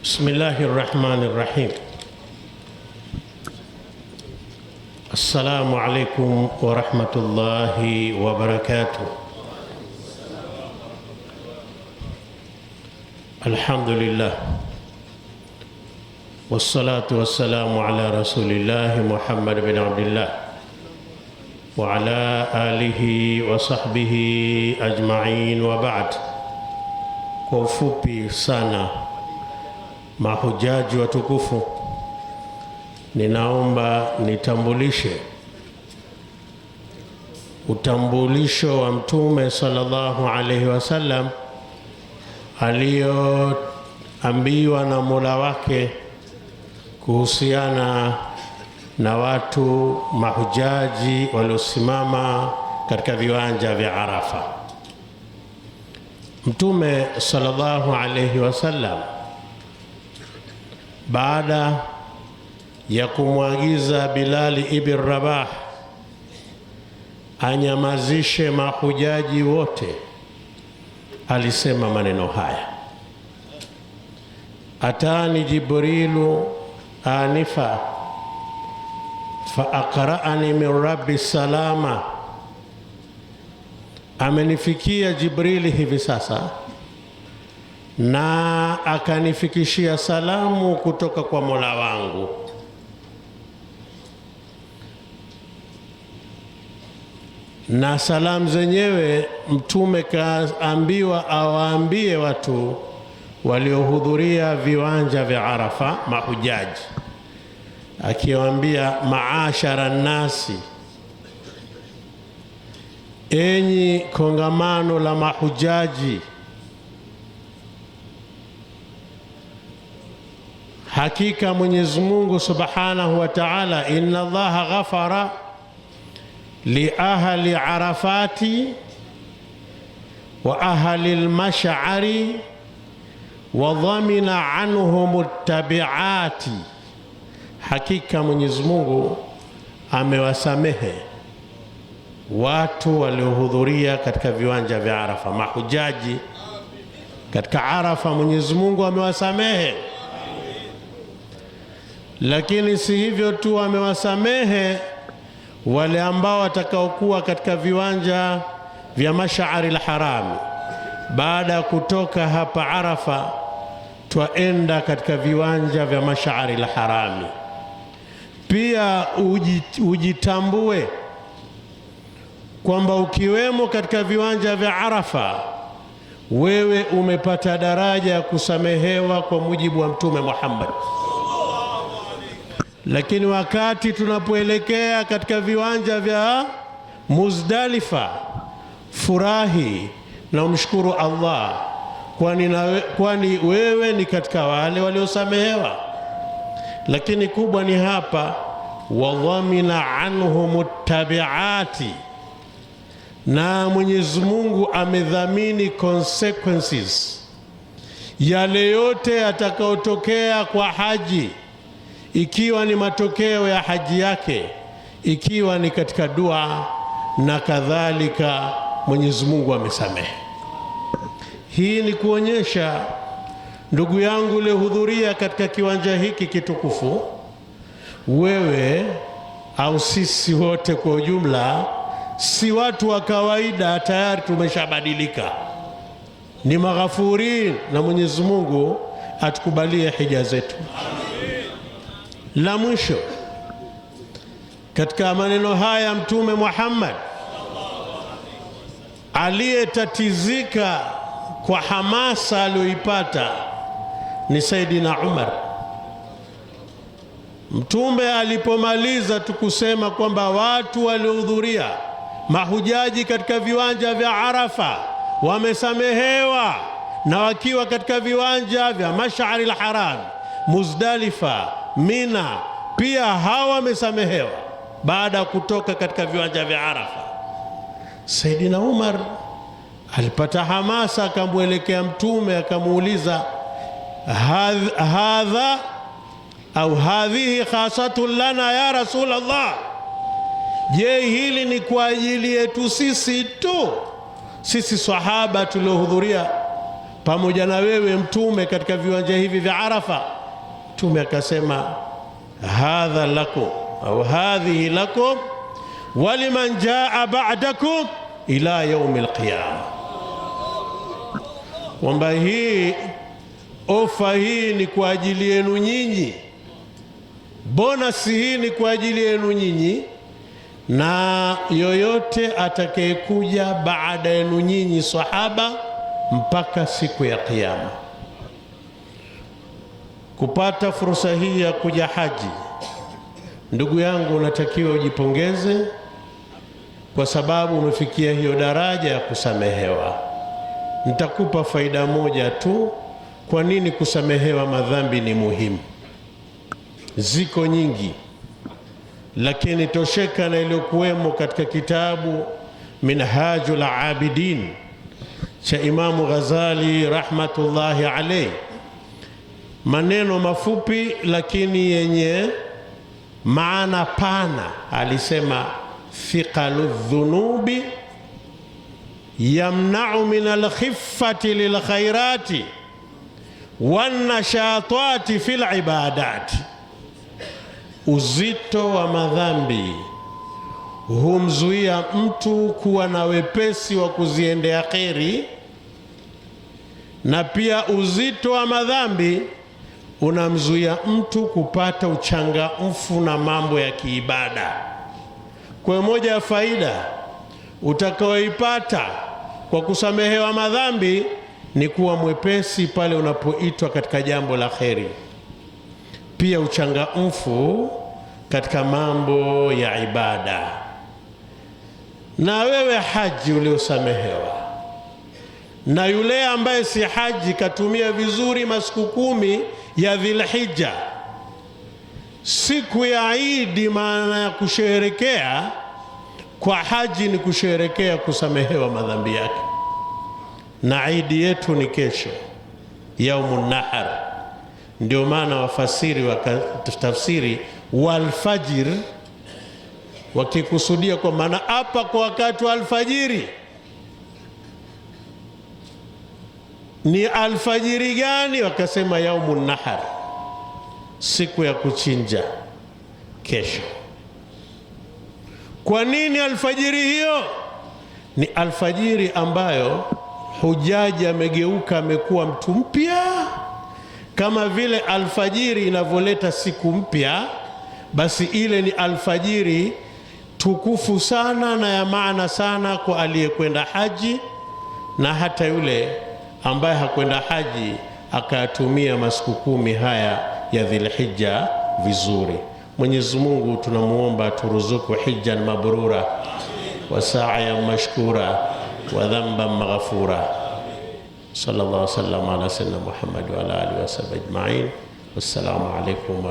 بسم الله الرحمن الرحيم السلام عليكم ورحمة الله وبركاته الحمد لله والصلاة والسلام على رسول الله محمد بن عبد الله وعلى آله وصحبه أجمعين وبعد kwa سانا mahujaji watukufu, ninaomba nitambulishe utambulisho wa Mtume sallallahu alaihi wasallam aliyoambiwa na Mola wake kuhusiana na watu mahujaji waliosimama katika viwanja vya Arafa. Mtume sallallahu alaihi wasallam baada ya kumwagiza Bilali ibn Rabah anyamazishe mahujaji wote, alisema maneno haya: atani Jibrilu anifa fa min rabbi salama, amenifikia Jibrili hivi sasa na akanifikishia salamu kutoka kwa Mola wangu. Na salamu zenyewe Mtume kaambiwa awaambie watu waliohudhuria viwanja vya Arafa, mahujaji, akiwaambia maashara nnasi, enyi kongamano la mahujaji Hakika Mwenyezi Mungu Subhanahu wa Ta'ala, inna Allaha ghafara li ahli Arafati wa ahli lmashari mashari wa dhamina anhum ltabiati hakika Mwenyezi Mungu amewasamehe watu waliohudhuria katika viwanja vya Arafa, mahujaji katika Arafa. Mwenyezi Mungu amewasamehe lakini si hivyo tu, amewasamehe wale ambao watakaokuwa katika viwanja vya Mashaaril Harami. Baada ya kutoka hapa Arafa, twaenda katika viwanja vya Mashaaril Harami. Pia ujitambue kwamba ukiwemo katika viwanja vya Arafa wewe umepata daraja ya kusamehewa kwa mujibu wa Mtume Muhammad lakini wakati tunapoelekea katika viwanja vya Muzdalifa, furahi na umshukuru Allah, kwani kwani wewe ni katika wale waliosamehewa. Lakini kubwa ni hapa, wadhamina anhum tabiati, na Mwenyezi Mungu amedhamini consequences yale yote yatakayotokea kwa haji ikiwa ni matokeo ya haji yake, ikiwa ni katika dua na kadhalika, Mwenyezi Mungu amesamehe. Hii ni kuonyesha ndugu yangu uliohudhuria katika kiwanja hiki kitukufu, wewe au sisi wote kwa ujumla si watu wa kawaida, tayari tumeshabadilika, ni maghafuri na Mwenyezi Mungu atukubalie hija zetu la mwisho. Katika maneno haya Mtume Muhammad aliyetatizika kwa hamasa aliyoipata ni Saidina Umar. Mtume alipomaliza tukusema kwamba watu waliohudhuria mahujaji katika viwanja vya Arafa wamesamehewa, na wakiwa katika viwanja vya Mashari al-Haram, Muzdalifa Mina, pia hawa wamesamehewa baada ya kutoka katika viwanja vya Arafa. Saidina Umar alipata hamasa, akamwelekea Mtume akamuuliza hadha au hadhihi khasatun lana ya Rasulullah, je, hili ni kwa ajili yetu sisi tu, sisi sahaba tuliohudhuria pamoja na wewe Mtume katika viwanja hivi vya Arafa? Mtume akasema hadha lako au hadhihi lakum waliman jaa ba'dakum ila yaumil qiyama, kwamba hii ofa hii ni kwa ajili yenu nyinyi, bonasi hii ni kwa ajili yenu nyinyi na yoyote atakayekuja baada yenu nyinyi sahaba mpaka siku ya Kiyama kupata fursa hii ya kuja haji, ndugu yangu, unatakiwa ujipongeze kwa sababu umefikia hiyo daraja ya kusamehewa. Nitakupa faida moja tu, kwa nini kusamehewa madhambi ni muhimu. Ziko nyingi, lakini tosheka na iliyokuwemo katika kitabu Minhajul Abidin cha Imamu Ghazali rahmatullahi alayhi maneno mafupi lakini yenye maana pana. Alisema thiqalu dhunubi yamnau min alkhiffati lilkhairati wanashatati fi libadati, uzito wa madhambi humzuia mtu kuwa na wepesi wa kuziendea kheri, na pia uzito wa madhambi unamzuia mtu kupata uchangamfu na mambo ya kiibada. Kwa moja ya faida utakaoipata kwa kusamehewa madhambi ni kuwa mwepesi pale unapoitwa katika jambo la kheri, pia uchangamfu katika mambo ya ibada. Na wewe haji uliosamehewa na yule ambaye si haji katumia vizuri masiku kumi ya Dhilhija, siku ya Idi, maana ya kusherekea kwa haji ni kusherekea kusamehewa madhambi yake, na idi yetu ni kesho, yaumu nahar. Ndio maana wafasiri wa tafsiri walfajir wakikusudia kwa maana hapa kwa wakati wa alfajiri ni alfajiri gani? Wakasema yaumu nahar, siku ya kuchinja kesho. Kwa nini alfajiri hiyo? Ni alfajiri ambayo hujaji amegeuka, amekuwa mtu mpya. Kama vile alfajiri inavyoleta siku mpya, basi ile ni alfajiri tukufu sana na ya maana sana kwa aliyekwenda haji na hata yule ambaye hakwenda haji akayatumia masiku kumi haya ya Dhilhija vizuri. Mwenyezi Mungu tunamuomba turuzuku hijjan mabrura wa sa'yan mashkura wa dhanban maghfura. Sallallahu alaihi wasallam ala sayyidina Muhammad wa ala alihi wasallam ajma'in. Wassalamu alaykum.